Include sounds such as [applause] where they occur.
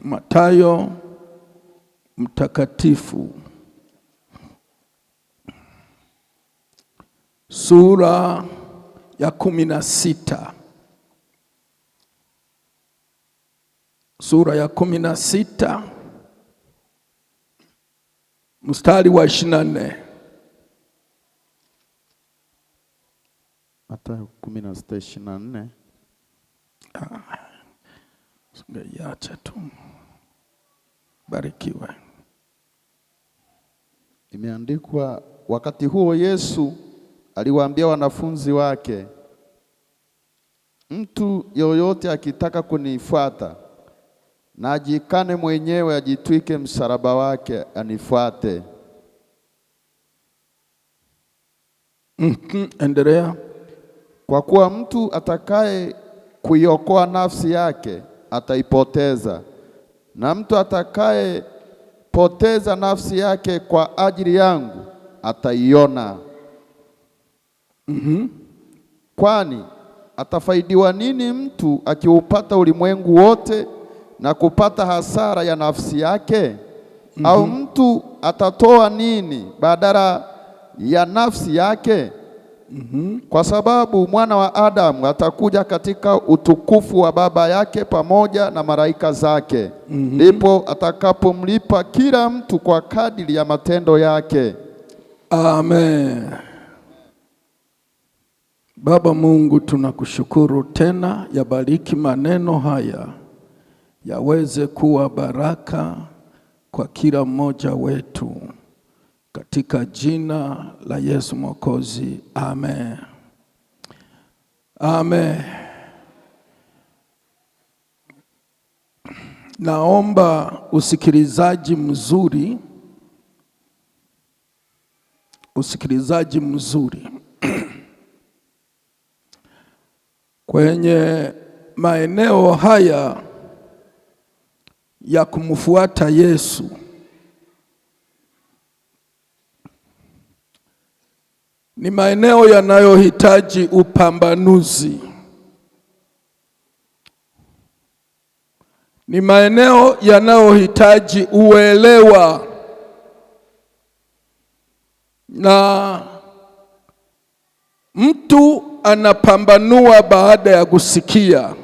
Mathayo mtakatifu sura ya kumi na sita sura ya kumi na sita mstari wa ishirini na nne Mathayo kumi na sita ishirini na nne Ngaiacha tu, barikiwe. Imeandikwa, wakati huo Yesu aliwaambia wanafunzi wake, mtu yoyote akitaka kunifuata na ajikane mwenyewe, ajitwike msalaba wake anifuate. Mm-hmm. Endelea. Kwa kuwa mtu atakaye kuiokoa nafsi yake ataipoteza, na mtu atakayepoteza nafsi yake kwa ajili yangu ataiona. mm -hmm. Kwani atafaidiwa nini mtu akiupata ulimwengu wote na kupata hasara ya nafsi yake? mm -hmm. Au mm-hmm. mtu atatoa nini badala ya nafsi yake? mm -hmm. Kwa sababu mwana wa Adamu atakuja katika utukufu wa Baba yake pamoja na malaika zake, mhm. ndipo mm -hmm. atakapomlipa kila mtu kwa kadiri ya matendo yake. Amen. Baba Mungu, tunakushukuru tena, yabariki maneno haya yaweze kuwa baraka kwa kila mmoja wetu katika jina la Yesu Mwokozi, amen. Amen. Naomba usikilizaji mzuri, usikilizaji mzuri [clears throat] kwenye maeneo haya ya kumfuata Yesu. ni maeneo yanayohitaji upambanuzi, ni maeneo yanayohitaji uelewa na mtu anapambanua baada ya kusikia.